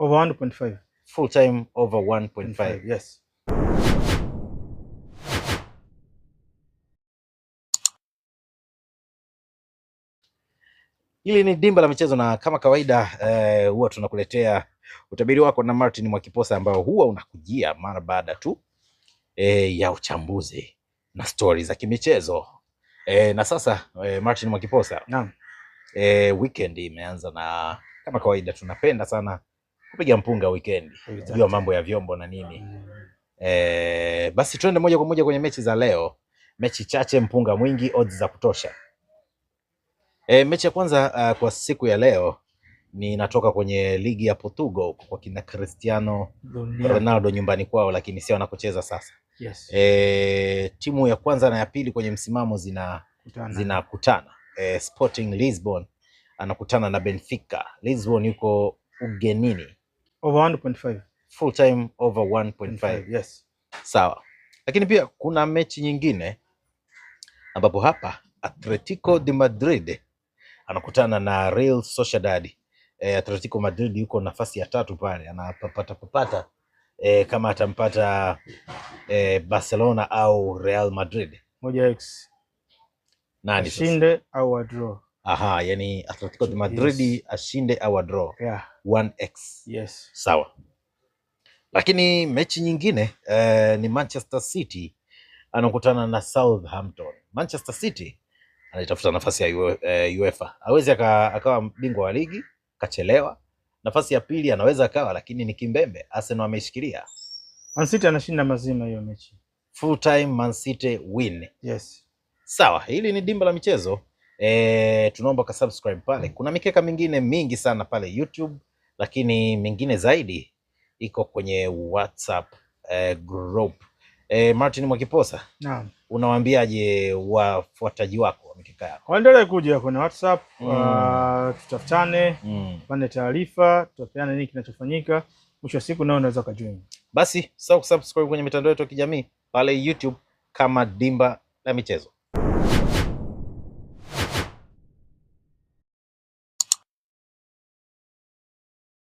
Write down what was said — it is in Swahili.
over 1.5 full time over 1.5 yes. Hili ni Dimba la Michezo na kama kawaida eh, huwa tunakuletea utabiri wako na Martin Mwakiposa ambao huwa unakujia mara baada tu eh, ya uchambuzi na stori za kimichezo eh, na sasa eh, Martin Mwakiposa naam, eh, weekend imeanza na kama kawaida tunapenda sana kupiga mpunga weekend, unajua mambo ya vyombo na nini. E, basi tuende moja kwa moja kwenye mechi za leo, mechi chache, mpunga mwingi, odds za kutosha. E, mechi ya kwanza uh, kwa siku ya leo ni natoka kwenye ligi ya Portugal kwa kina Cristiano Ronaldo nyumbani kwao, lakini sio wanakocheza sasa. Yes. E, timu ya kwanza na ya pili kwenye msimamo zina kutana, zinakutana. E, Sporting Lisbon anakutana na Benfica. Lisbon yuko ugenini mm over 1.5 full time over 1.5 yes. Sawa, lakini pia kuna mechi nyingine ambapo hapa Atletico de Madrid anakutana na Real Sociedad. E, Atletico Madrid yuko nafasi ya tatu pale anapapata papata e, kama atampata e, Barcelona au Real Madrid moja x nani shinde au draw Aha, yani Atletico de Madrid yes. ashinde au draw yeah. 1x yes. Sawa, lakini mechi nyingine eh, ni Manchester City anakutana na Southampton. Manchester City anaitafuta nafasi ya eh, UEFA, awezi akawa bingwa wa ligi, kachelewa nafasi ya pili anaweza akawa, lakini ni kimbembe. Arsenal ameishikilia. Man City anashinda mazima hiyo mechi, full time Man City win. Yes, sawa, hili ni dimba la michezo e, tunaomba ka subscribe pale. Mm. Kuna mikeka mingine mingi sana pale YouTube, lakini mingine zaidi iko kwenye WhatsApp e, group e, Martin Mwakiposa, naam, unawaambiaje wafuataji wako wa mikeka yako? Waendelee kuja kwenye WhatsApp mm. Uh, tutafutane mm. pande taarifa, tutapeana nini kinachofanyika mwisho wa siku nao unaweza ukajoin. Basi sasa kusubscribe kwenye mitandao yetu ya kijamii pale YouTube kama Dimba la Michezo.